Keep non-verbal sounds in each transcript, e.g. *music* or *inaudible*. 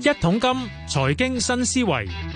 一桶金財經新思維。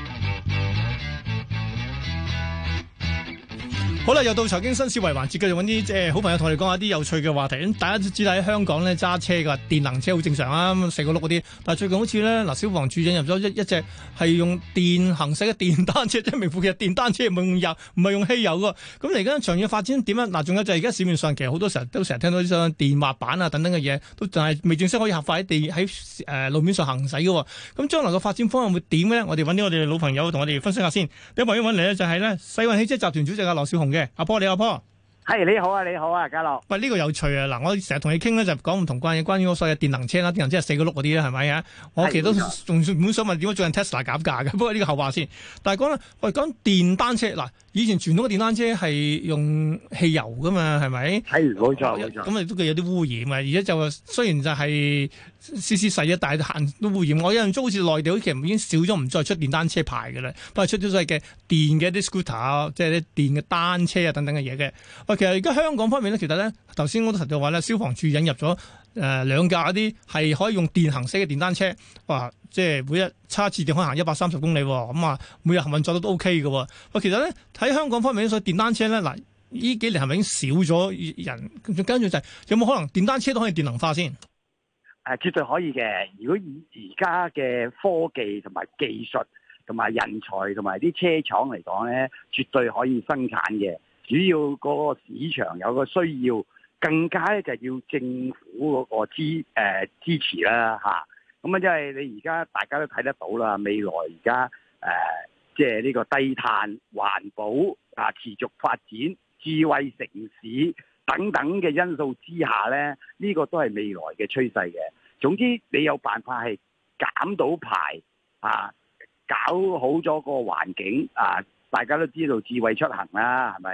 好啦，又到財經新思維環節，繼續搵啲即係好朋友同我哋講下啲有趣嘅話題。大家都知道喺香港咧揸車㗎，電能車好正常啊，四個碌嗰啲。但係最近好似咧，嗱，消防處引入咗一一隻係用電行駛嘅電單車，即係名副其實電單車，唔係用油，唔係用汽油嘅。咁嚟緊長遠發展點啊？嗱，仲有就係而家市面上其實好多時候都成日聽到啲像電滑板啊等等嘅嘢，都仲係未正式可以合法喺地喺誒路面上行駛嘅。咁將來嘅發展方向會點呢？我哋揾啲我哋老朋友同我哋分析下先。有朋友嚟就係、是、呢世運汽車集團主席阿羅少雄嘅。阿波，你阿波，係、hey, 你好啊，你好啊，家樂。喂，呢個有趣啊！嗱，我成日同你傾咧就講唔同關嘢，關於所有嘅電能車啦，電能車係四個轆嗰啲啦，係咪啊？是我其實都仲錯想問，點解最近 Tesla 減價嘅？不過呢個後話先。但係講咧，我哋講電單車。嗱，以前傳統嘅電單車係用汽油噶嘛，係咪？係冇錯冇錯。咁啊，都佢有啲污染啊，而家就雖然就係、是。設施細一但係行污染我。我印象中好似內地好其實已經少咗唔再出電單車牌嘅啦，不過出咗啲細嘅電嘅啲 scooter、啊、即係啲電嘅單車啊等等嘅嘢嘅。喂，其實而家香港方面咧，其實咧，頭先我都提到話咧，消防處引入咗誒兩架一啲係可以用電行駛嘅電單車，哇！即係每日差次電可以行一百三十公里、啊，咁、嗯、啊每日行運作都 O K 嘅。喂，其實咧喺香港方面呢，所以電單車咧嗱，呢幾年係咪已經少咗人？跟住就係、是、有冇可能電單車都可以電能化先？係絕對可以嘅。如果以而家嘅科技同埋技術同埋人才同埋啲車廠嚟講咧，絕對可以生產嘅。主要嗰個市場有個需要，更加咧就係要政府嗰個支誒、呃、支持啦嚇。咁啊，即為係你而家大家都睇得到啦，未來而家誒即係呢個低碳環保啊，持續發展智慧城市。等等嘅因素之下咧，呢、這個都係未來嘅趨勢嘅。總之，你有辦法係減到排啊搞好咗個環境啊！大家都知道智慧出行啦，係咪？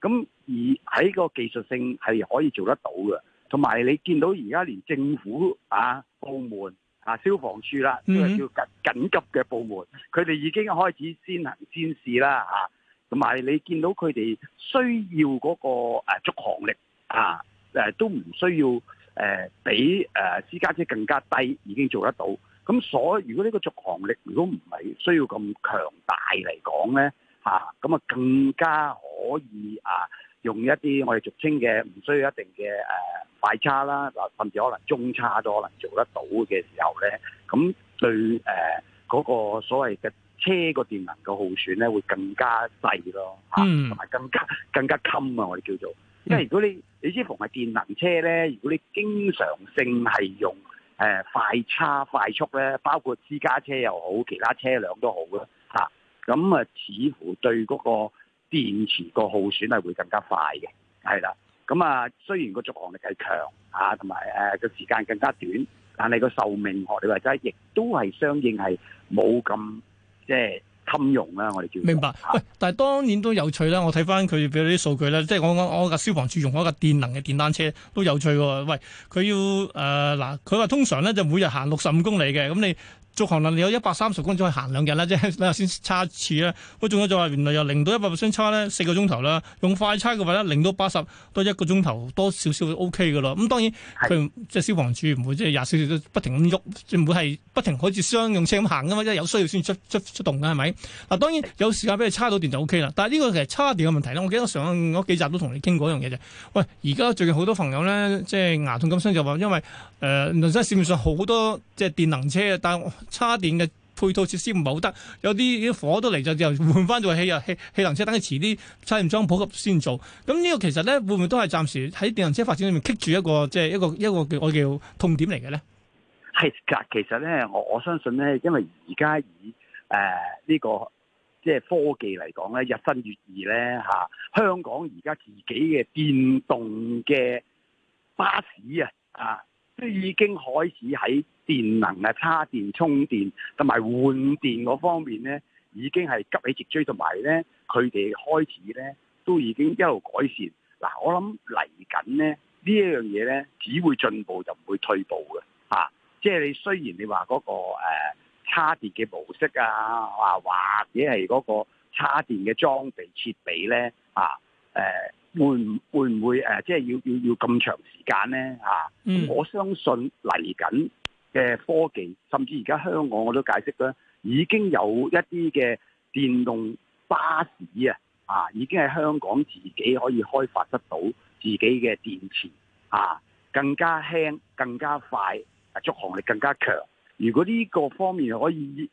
咁而喺個技術性係可以做得到嘅。同埋你見到而家連政府啊部門啊消防處啦，即係叫緊緊急嘅部門，佢哋已經開始先行先試啦吓，同、啊、埋你見到佢哋需要嗰、那個誒續、啊、航力。啊！都唔需要誒、呃、比誒、呃、私家車更加低，已經做得到。咁所以，如果呢個續航力如果唔係需要咁強大嚟講咧，咁啊就更加可以啊用一啲我哋俗稱嘅唔需要一定嘅誒快叉啦，嗱甚至可能中叉都可能做得到嘅時候咧，咁對誒嗰、呃那個所謂嘅車個電能嘅耗損咧，會更加細咯同埋、嗯、更加更加襟啊！我哋叫做。嗯、因為如果你，你知凡係電能車咧？如果你經常性係用誒、呃、快叉快速咧，包括私家車又好，其他車輛都好啦，嚇咁啊那，似乎對嗰個電池個耗損係會更加快嘅，係啦。咁、嗯、啊，雖然個續航力係強嚇，同埋誒個時間更加短，但係個壽命學嚟話齋，亦都係相應係冇咁即係。呃侵用啦、啊，我哋叫明白。喂，但係當然都有趣啦。我睇翻佢俾你啲數據咧，即係我我我個消防處用嗰個電能嘅電單車都有趣喎。喂，佢要誒嗱，佢、呃、話通常咧就每日行六十五公里嘅，咁你。續航能力有一百三十公尺，可以行兩日啦，即係等下先差一次啦。佢仲有就係原來由零到一百 percent 差咧四個鐘頭啦，用快差嘅話咧，零到八十多一個鐘頭多少少 O K 嘅咯。咁當然佢即係消防員唔會即係廿小時都不停咁喐，唔會係不停好似商用車咁行噶嘛，即係有需要先出出出動嘅係咪？嗱，當然有時間俾你差到電就 O K 啦。但係呢個其實差電嘅問題咧，我記得上嗰幾集都同你傾過一樣嘢，就喂，而家最近好多朋友咧，即係牙痛咁傷就話因為誒，而、呃、家市面上好多即係、就是、電能車，但係。差電嘅配套設施唔係好得，有啲啲火都嚟，就又換翻做汽油汽汽能車，等佢遲啲差唔多普及先做。咁呢個其實咧，會唔會都係暫時喺電動車發展裏面棘住一個即係一個一個叫我叫痛點嚟嘅咧？係，其實咧，我我相信咧，因為而家以誒呢、呃這個即係科技嚟講咧，日新月異咧吓，香港而家自己嘅電動嘅巴士啊啊！都已經開始喺電能啊、叉電、充電同埋換電嗰方面咧，已經係急起直追，同埋咧佢哋開始咧都已經一路改善。嗱，我諗嚟緊咧呢一樣嘢咧，只會進步就唔會退步嘅、啊、即係你雖然你話嗰、嗰個叉差、呃、電嘅模式啊，或或者係嗰個叉電嘅裝備設備咧嚇、啊呃會唔會唔會、呃、即係要要要咁長時間呢？嚇、啊？嗯、我相信嚟緊嘅科技，甚至而家香港我都解釋啦，已經有一啲嘅電動巴士啊，啊，已經係香港自己可以開發得到自己嘅電池啊，更加輕、更加快、續航力、更加強。如果呢個方面可以，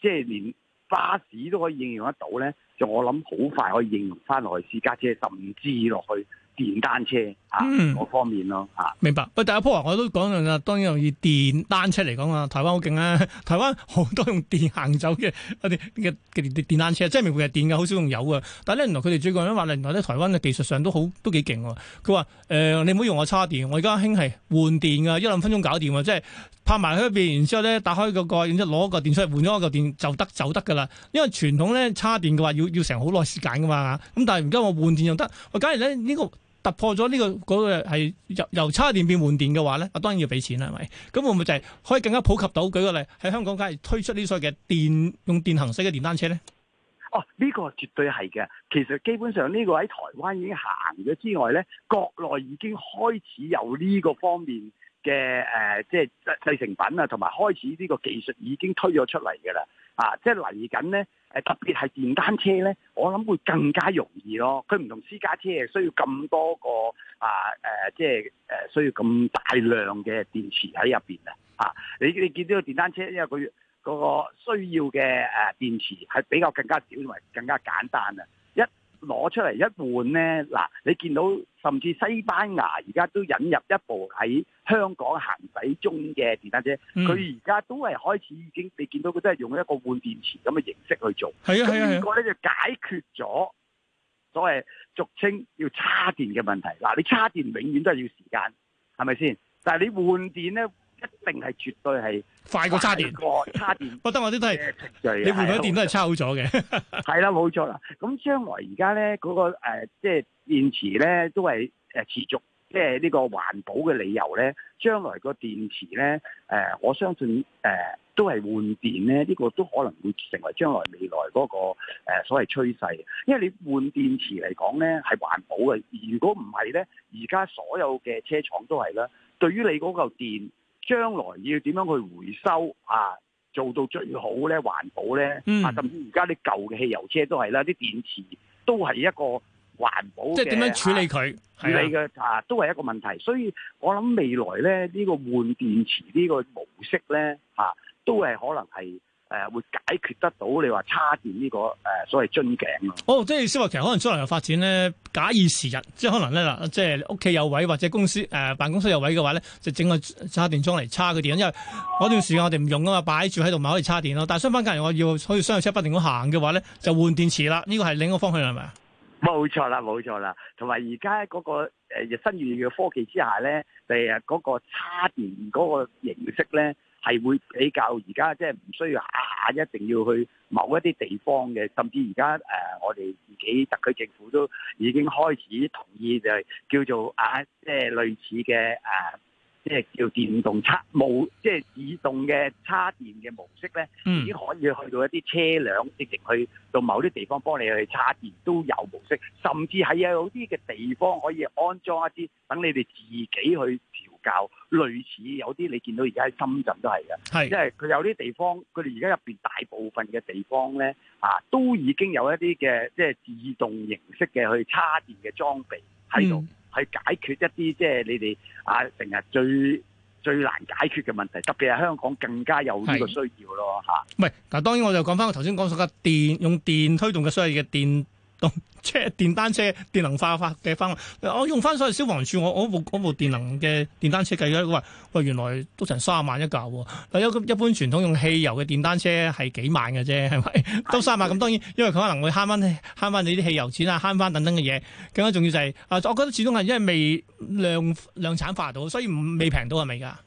即係連巴士都可以應用得到呢。我諗好快可以應用翻落去私家車，甚至落去電單車。啊、嗯，我方便咯，啊、明白。喂，第一波我都講咗啦，當然用電單車嚟講啊，台灣好勁啊，台灣好多用電行走嘅啲嘅電電單車，即係明明係電嘅，好少用油嘅。但係咧，原來佢哋最近咧話咧，原來咧台灣嘅技術上都好都幾勁喎。佢話誒，你唔好用我插電，我而家興係換電㗎、啊，一兩分鐘搞掂啊！即係拍埋去邊，然之後咧打開、嗰個蓋，然之後攞個電箱嚟換咗個電就得就得㗎啦。因為傳統咧插電嘅話要要成好耐時間㗎嘛，咁但係而家我換電用得，我假如咧呢、呢個突破咗呢、這個嗰、那個係由由叉電變換電嘅話咧，我當然要俾錢啦，係咪？咁會唔會就係可以更加普及到？舉個例喺香港，梗係推出呢啲嘅電用電行駛嘅電單車咧。哦，呢、這個絕對係嘅。其實基本上呢個喺台灣已經行咗之外咧，國內已經開始有呢個方面嘅誒，即係製成品啊，同埋開始呢個技術已經推咗出嚟嘅啦。啊！即係嚟緊咧，誒特別係電單車咧，我諗會更加容易咯。佢唔同私家車需要咁多個啊誒、呃，即係誒需要咁大量嘅電池喺入邊啊！啊，你你見到個電單車，因為佢嗰個需要嘅誒、啊、電池係比較更加少同埋更加簡單啊！攞出嚟一換呢，嗱你見到甚至西班牙而家都引入一部喺香港行駛中嘅電單車，佢而家都係開始已經，你見到佢都係用一個換電池咁嘅形式去做，佢、係啊係啊、呢個呢就解決咗所謂俗稱要叉電嘅問題，嗱，你叉電永遠都係要時間，係咪先？但係你換電呢。一定係絕對係快過叉電，快過叉電。覺得我啲都係，你換咗電都係叉好咗嘅。係啦，冇錯啦。咁將來而家咧個、呃、即係電池咧都係誒持續，即係呢個環保嘅理由咧。將來個電池咧、呃、我相信誒、呃、都係換電咧，呢、這個都可能會成為將來未來嗰、那個、呃、所謂趨勢。因為你換電池嚟講咧係環保嘅，如果唔係咧，而家所有嘅車廠都係啦。對於你嗰嚿電。將來要點樣去回收啊？做到最好咧，環保咧、嗯、啊！甚至而家啲舊嘅汽油車都係啦，啲電池都係一個環保嘅，即係點樣處理佢？啊、處理嘅的啊，都係一個問題。所以我諗未來咧、呢、呢個換電池呢個模式咧、吓、啊、都係可能係。誒會解決得到你話叉電呢、這個誒、呃、所謂樽頸啊！哦，即係意思話其實可能將來嘅發展咧，假以時日，即係可能咧嗱，即係屋企有位或者公司誒、呃、辦公室有位嘅話咧，就整個叉電樁嚟叉個電，因為嗰段時間我哋唔用啊嘛，擺住喺度咪可以叉電咯。但係相反隔離，我要可以商用車不停咁行嘅話咧，就換電池啦。呢個係另一個方向係咪啊？冇錯啦，冇錯啦。同埋而家嗰個日新月異嘅科技之下咧，第日嗰個叉電嗰個形式咧。係會比較而家，即係唔需要下下一定要去某一啲地方嘅，甚至而家誒，我哋自己特區政府都已經開始同意就係叫做啊，即係類似嘅誒。即係叫電動插模，即係自動嘅插電嘅模式咧，已經可以去到一啲車輛直接去到某啲地方幫你去插電都有模式，甚至係有啲嘅地方可以安裝一啲等你哋自己去調校，類似有啲你見到而家喺深圳都係嘅，係，即係佢有啲地方，佢哋而家入面大部分嘅地方咧，啊都已經有一啲嘅即係自動形式嘅去插電嘅裝備喺度。嗯去解決一啲即係你哋啊，成日最最難解決嘅問題，特別係香港更加有呢個需要是咯嚇。唔係，嗱當然我就講翻我頭先講述嘅電，用電推動嘅需要嘅電。車 *laughs* 電單車電能化化嘅翻，我用翻所個消防處，我我部部電能嘅電單車計咗，喂原來都成三萬一架喎，一一般傳統用汽油嘅電單車係幾萬嘅啫，係咪？都三萬咁，當然因為佢可能會慳翻慳翻你啲汽油錢啊，慳翻等等嘅嘢。更加重要就係，啊，我覺得始終係因為未量量產化到，所以未平到係咪噶？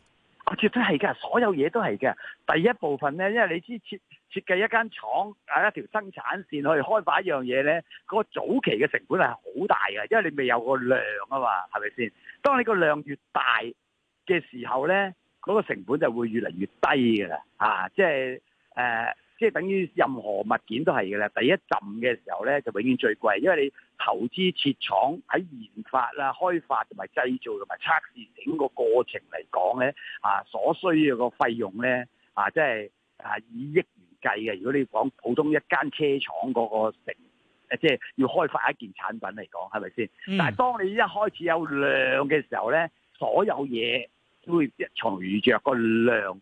我絕對係噶，所有嘢都係嘅。第一部分咧，因為你之前。設計一間廠啊，一條生產線去開發一樣嘢呢，個早期嘅成本係好大嘅，因為你未有個量啊嘛，係咪先？當你個量越大嘅時候呢，個成本就會越嚟越低嘅啦，啊，即係誒，即係等於任何物件都係嘅啦。第一浸嘅時候呢，就永遠最貴，因為你投資設廠喺研發啊、開發同埋製造同埋測試整個過程嚟講呢，啊，所需要個費用呢，啊，即係啊，以億計嘅，如果你講普通一間車廠嗰個成，誒即係要開發一件產品嚟講，係咪先？嗯、但係當你一開始有量嘅時候咧，所有嘢都會隨着個量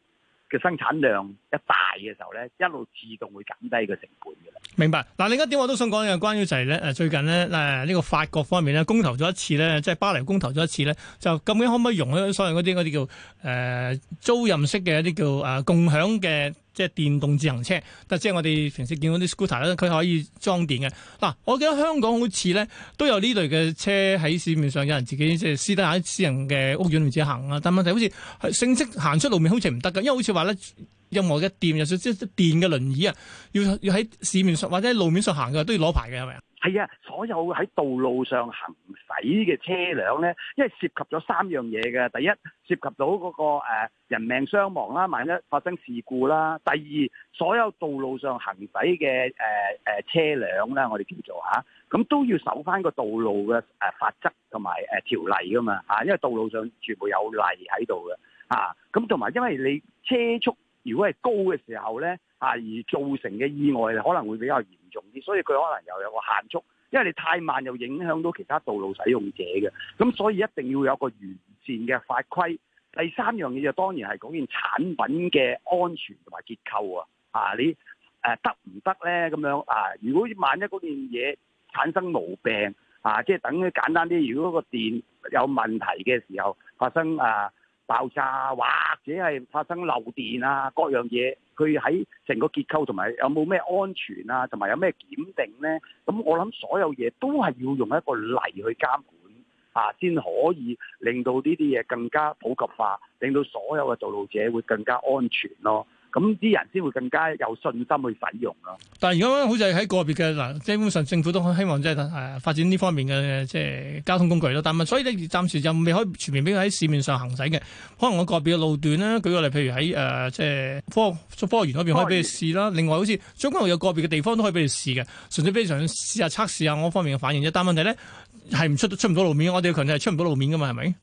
嘅生產量一大嘅時候咧，一路自動會減低個成本嘅。明白嗱？另一點我都想講嘅，關於就係咧誒，最近咧誒呢、呃呢個法國方面咧，公投咗一次咧，即係巴黎公投咗一次咧，就究竟可唔可以容許所謂嗰啲啲叫誒、呃、租賃式嘅一啲叫誒、呃、共享嘅？即係電動自行車，但即係我哋平時見到啲 scooter 咧，佢可以裝電嘅。嗱、啊，我記得香港好似咧都有呢類嘅車喺市面上，有人自己即係私底下喺私人嘅屋苑裏面自己行啦。但問題好似正式行出路面好似唔得㗎，因為好似話咧，任何嘅電即少少電嘅輪椅啊，要要喺市面上或者喺路面上行嘅都要攞牌嘅，係咪啊？係啊，所有喺道路上行駛嘅車輛呢，因為涉及咗三樣嘢嘅。第一，涉及到嗰個人命傷亡啦，萬一發生事故啦。第二，所有道路上行駛嘅誒誒車輛呢，我哋叫做吓，咁、啊、都要守翻個道路嘅誒法則同埋誒條例噶嘛嚇，因為道路上全部有例喺度嘅嚇。咁同埋因為你車速如果係高嘅時候呢。啊！而造成嘅意外，可能會比較嚴重啲，所以佢可能又有個限速，因為你太慢又影響到其他道路使用者嘅。咁所以一定要有個完善嘅法規。第三樣嘢就當然係講件產品嘅安全同埋結構啊！啊，你誒、啊、得唔得呢？咁樣啊，如果萬一嗰件嘢產生毛病啊，即係等於簡單啲，如果個電有問題嘅時候發生啊爆炸，或者係發生漏電啊各樣嘢。佢喺成個結構同埋有冇咩安全啊，同埋有咩檢定呢？咁我諗所有嘢都係要用一個例去監管啊，先可以令到呢啲嘢更加普及化，令到所有嘅道路者會更加安全咯，咁啲人先會更加有信心去使用咯、啊。但係而家好似喺個別嘅嗱，基本上政府都希望即係誒發展呢方面嘅即係交通工具咯。但係所以咧，暫時就未可以全面俾佢喺市面上行駛嘅。可能我個別嘅路段啦，舉個例，譬如喺即係科學科學園嗰邊可以俾佢試啦。另外，好似將軍澳有個別嘅地方都可以俾佢試嘅，純粹非常想試下測試下我方面嘅反應啫。但問問題咧係唔出出唔到路面，我哋強調係出唔到路面㗎嘛，係咪？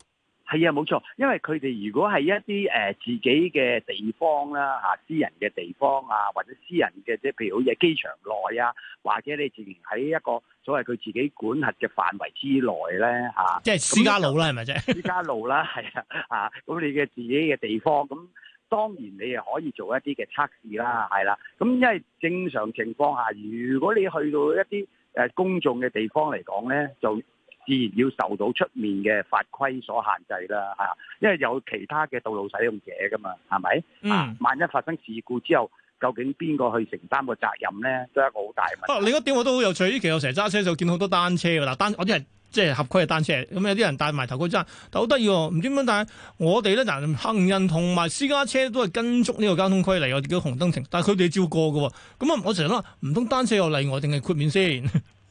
係啊，冇錯，因為佢哋如果係一啲誒自己嘅地方啦，嚇私人嘅地方啊，或者私人嘅即係譬如好似機場內啊，或者你自然喺一個所謂佢自己管轄嘅範圍之內咧，嚇，即係私家路啦，係咪啫？係咪 *laughs* 私家路啦，係啊，嚇，咁你嘅自己嘅地方，咁當然你係可以做一啲嘅測試啦，係啦，咁因為正常情況下，如果你去到一啲誒公眾嘅地方嚟講咧，就，自然要受到出面嘅法規所限制啦，嚇，因為有其他嘅道路使用者噶嘛，係咪？嗯。萬一發生事故之後，究竟邊個去承擔個責任咧，都係一個好大問題。不、啊，你嗰點我都好有趣。其實我成日揸車就見好多單車㗎啦，單我啲人即係合規嘅單車，咁有啲人帶埋頭盔揸，但好得意喎，唔知點解。但係我哋咧，嗱行人同埋私家車都係跟足呢個交通規例，我哋叫紅燈停，但係佢哋照過嘅喎。哦。咁啊，我成日啦，唔通單車有例外定係豁免先？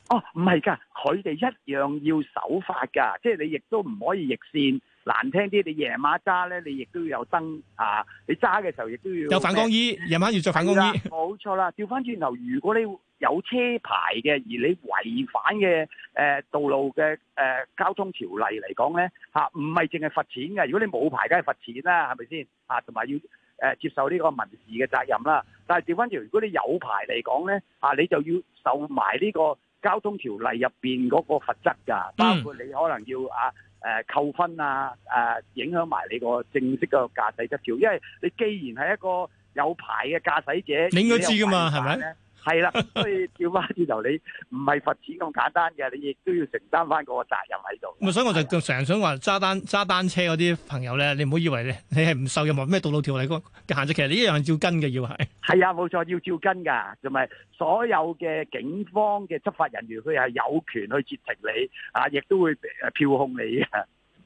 哦，唔係㗎，佢哋一樣要守法㗎，即係你亦都唔可以逆線。難聽啲，你夜晚揸呢，你亦都要有燈啊！你揸嘅時候亦都要有反光衣，夜麼晚要着反光衣。冇錯啦，調翻轉頭，如果你有車牌嘅，而你違反嘅誒、呃、道路嘅誒、呃、交通條例嚟講呢，嚇唔係淨係罰錢嘅。如果你冇牌，梗係罰錢啦，係咪先？啊同埋要、呃、接受呢個民事嘅責任啦。但係調翻轉，如果你有牌嚟講呢，啊你就要受埋、這、呢個。.交通條例入邊嗰個罰則㗎，包括你可能要啊、呃、扣分啊，呃、影響埋你個正式嘅駕駛執照，因為你既然係一個有牌嘅駕駛者，你應該知噶嘛，係咪？是不是？係啦， *laughs* 所以跳翻轉頭，你唔係罰錢咁簡單嘅，你亦都要承擔翻嗰個責任喺度。咪 *laughs* 所以我就成日想話揸單揸單車嗰啲朋友咧，你唔好以為你你係唔受任何咩道路條例個限制，其實你一樣係照跟嘅要係。係啊，冇錯，要照跟噶同埋所有嘅警方嘅執法人員，佢係有權去截停你啊，亦都會誒票控你嘅。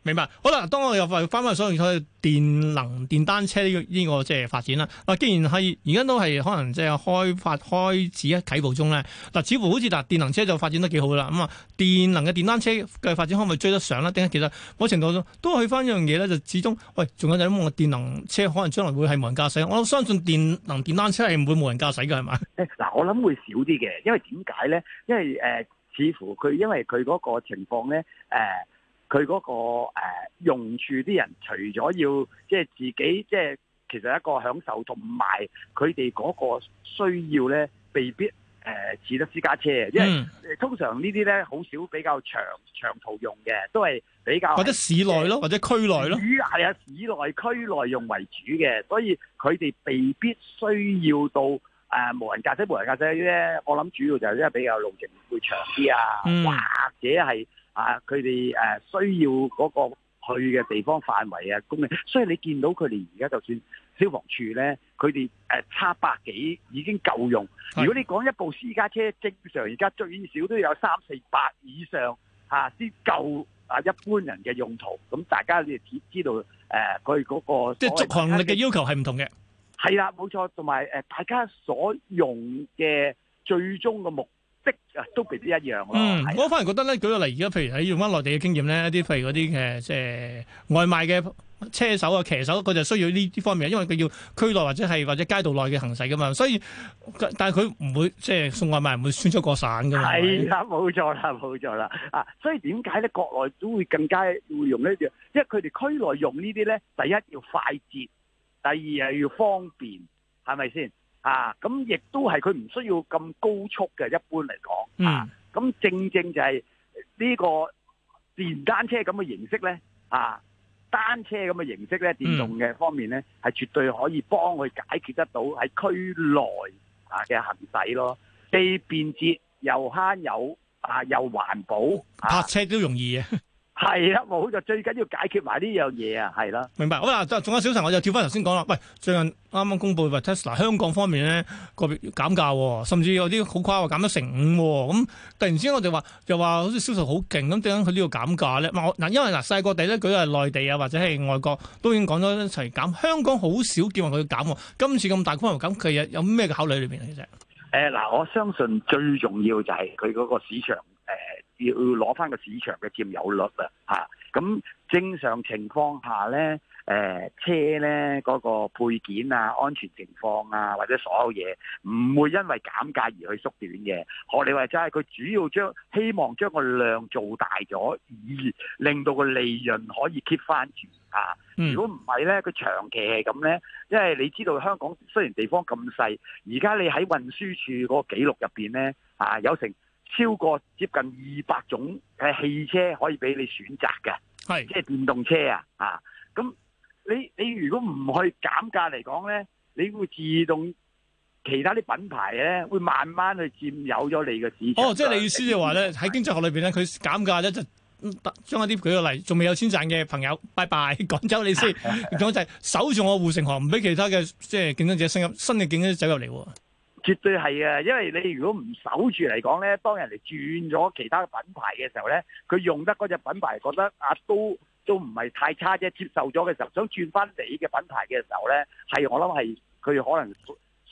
明白，好啦，當我又翻翻去所謂電能電單車呢、這、呢個即係、這個這個、發展啦。啊，既然係而家都係可能即係開發開始啊，起步中咧。嗱，似乎好似嗱、啊、電能車就發展得幾好啦。咁啊，電能嘅電單車嘅發展可唔可以追得上咧？點解其實某程度都去翻一樣嘢咧？就始終喂，仲、哎、有就係咁嘅電能車可能將來會係冇人駕駛。我相信電能電單車係唔會冇人駕駛嘅，係咪？嗱，我諗會少啲嘅，因為點解咧？因為誒、呃，似乎佢因為佢嗰個情況咧誒。呃佢嗰、嗰個、呃、用處啲人除，除咗要即係自己即係其實一個享受，同埋佢哋嗰個需要咧，未必誒似、呃、得私家車，因為、嗯、通常呢啲咧好少比較長長途用嘅，都係比較或者市內咯，或者區內咯，主要係啊市內區內用為主嘅，所以佢哋未必需要到誒、呃、無人駕駛無人駕駛咧。我諗主要就係因為比較路程會長啲啊，嗯、或者係。啊！佢哋誒需要嗰個去嘅地方範圍啊，咁所以你見到佢哋而家就算消防處咧，佢哋誒差百幾已經夠用。如果你講一部私家車，正常而家最少都有三四百以上吓先夠啊一般人嘅用途。咁大家你哋知知道誒佢嗰個即係續航力嘅要求係唔同嘅，係啦冇錯，同埋誒大家所用嘅最終嘅目的。啊，都未必一樣，嗯、係嘅，我反而覺得咧，舉個例，而家譬如喺用翻內地嘅經驗咧，一啲譬如嗰啲嘅即係外賣嘅車手啊、騎手，佢就需要呢啲方面，因為佢要區內或者係或者街道內嘅行駛噶嘛。所以，但係佢唔會即係、呃、送外賣唔會穿出個省噶嘛。係啦，冇錯啦，冇錯啦啊！所以點解咧？國內都會更加會用呢啲，因為佢哋區內用這些呢啲咧，第一要快捷，第二係要方便，係咪先？啊，咁亦都係佢唔需要咁高速嘅，一般嚟講，啊，咁正正就係呢個電單車咁嘅形式咧，啊，單車咁嘅形式咧，電動嘅方面咧，係、嗯、絕對可以幫佢解決得到喺區內啊嘅行駛咯，既便捷又慳油，啊又環保，泊車都容易啊！ *laughs* 係啦，冇就最緊要解決埋呢樣嘢啊，係咯。明白，好啦，仲有小陳，我就跳翻頭先講啦。喂，最近啱啱公布 Tesla 香港方面咧，個別要減價，甚至有啲好誇話減咗成五。咁、嗯、突然之間我哋話，就話好似銷售好勁，咁點解佢呢度減價咧？嗱，因為嗱，世界各地佢舉例內地啊，或者係外國都已經講咗一齊減，香港好少見話佢減。今次咁大規模減，佢有有咩嘅考慮裏邊啊？其實，誒，嗱，我相信最重要就係佢嗰個市場。要攞翻個市場嘅佔有率啊！咁正常情況下呢，誒、呃、車呢嗰個配件啊、安全情況啊，或者所有嘢唔會因為減價而去縮短嘅。學你話齋，佢主要希望將個量做大咗，而令到個利潤可以 keep 翻住啊！如果唔係呢，佢長期係咁呢，因為你知道香港雖然地方咁細，而家你喺運輸處嗰個記錄入面呢，啊有成，超過接近二百種嘅汽車可以俾你選擇嘅，係是即係電動車啊，啊，咁你你如果唔去減價嚟講咧，你會自動其他啲品牌，咧會慢慢去佔有咗你嘅市場。哦，即係你意思就話咧，喺經濟學裏邊咧，佢減價咧就將一啲，舉個例子，仲未有錢賺嘅朋友，拜拜，趕走你先。咁 *laughs* 就是，守住我護城河，唔俾其他嘅即係競爭者新入新嘅競爭者走入嚟。絕對係啊，因為你如果唔守住嚟講呢，當人哋轉咗其他品牌嘅時候呢，佢用得嗰隻品牌覺得啊都都唔係太差啫，接受咗嘅時候，想轉翻你嘅品牌嘅時候呢，係我諗係佢可能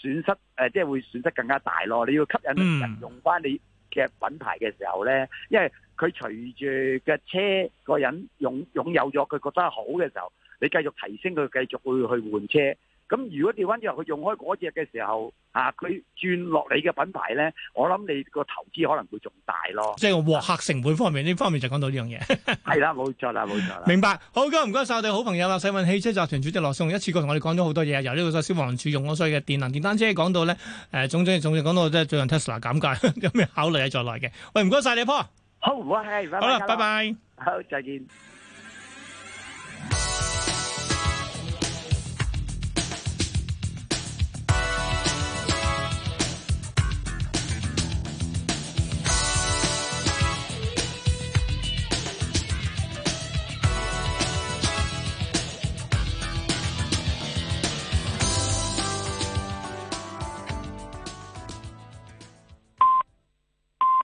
損失誒、呃，即係會損失更加大咯。你要吸引人用翻你嘅品牌嘅時候呢，因為佢隨住嘅車個人擁擁有咗佢覺得好嘅時候，你繼續提升佢，繼續會去換車。咁如果掉轉頭佢用開嗰隻嘅時候，啊，佢轉落你嘅品牌咧，我諗你個投資可能會仲大咯。即係獲客成本方面，呢、啊、方面就講到呢樣嘢。係 *laughs* 啦，冇錯啦，冇錯啦。明白，好嘅，唔該晒我哋好朋友啦，世運汽車集團主席羅少雄一次過同我哋講咗好多嘢，由呢個消防處用咗所需嘅電能電單車，講到咧，誒、呃，總總總講到即係最近 Tesla 減價有咩 *laughs* 考慮喺在，在內嘅。喂，唔該晒你，波。好，好啦，拜拜。好，再見。